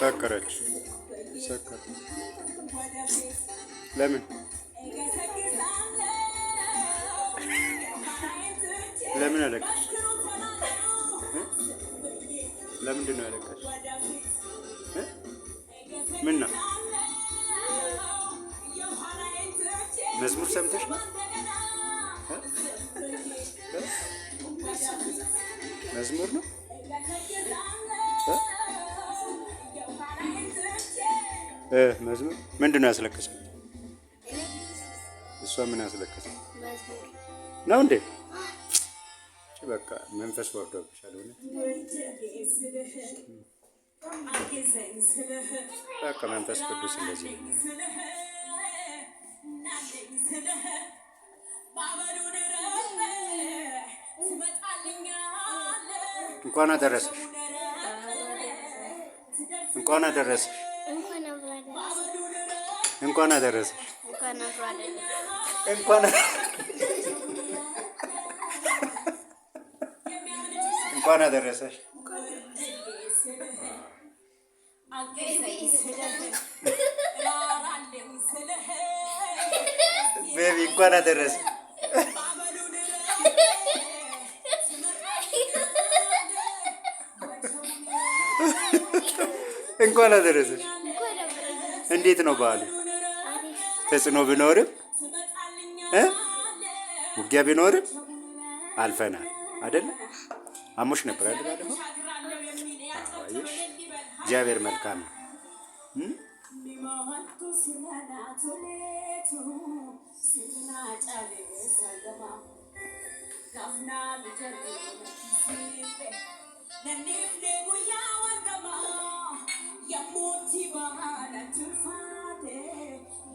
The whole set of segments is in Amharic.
ሰከረች። ለምን ለምን አለቀሽ? ለምንድን ነው ያለቀሽ? ምን ነው መዝሙር ሰምተሽ ነው? መዝሙር ነው መዝሙር ምንድን ነው ያስለቀሰው? እሷ ምን ያስለቀሰ ነው እንዴ? በቃ መንፈስ ወርዶብሻል። በቃ መንፈስ ቅዱስ እንደዚህ ነው። እንኳን አደረሰሽ፣ እንኳን አደረሰሽ። እንኳን አደረሰ እንኳን እንኳን አደረሰሽ። ቤቢ እንኳን አደረሰ። እንኳን አደረሰሽ። እንዴት ነው በዓሉ? ተጽዕኖ ቢኖርም ውጊያ ቢኖርም አልፈናል አደለ አሞሽ ነበር አይደል? ባለፈው እግዚአብሔር መልካም ነው።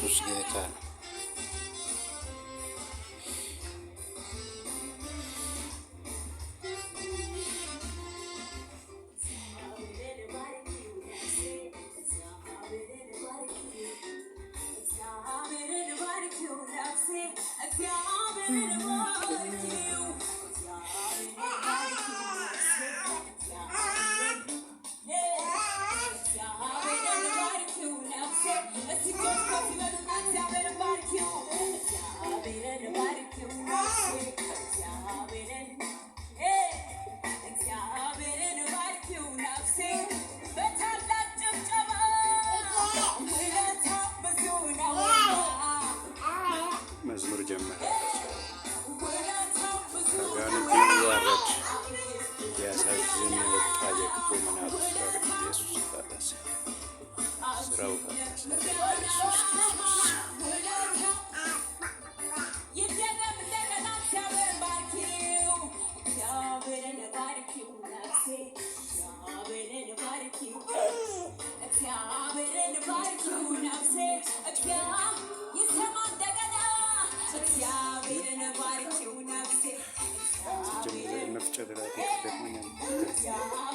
就是那个。መዝሙር ጀመረ። ያሳዝን የወጣ የክፉ ምናብ ስራ ኢየሱስ ፈረሰ፣ ስራው ኢየሱስ ክርስቶስ de la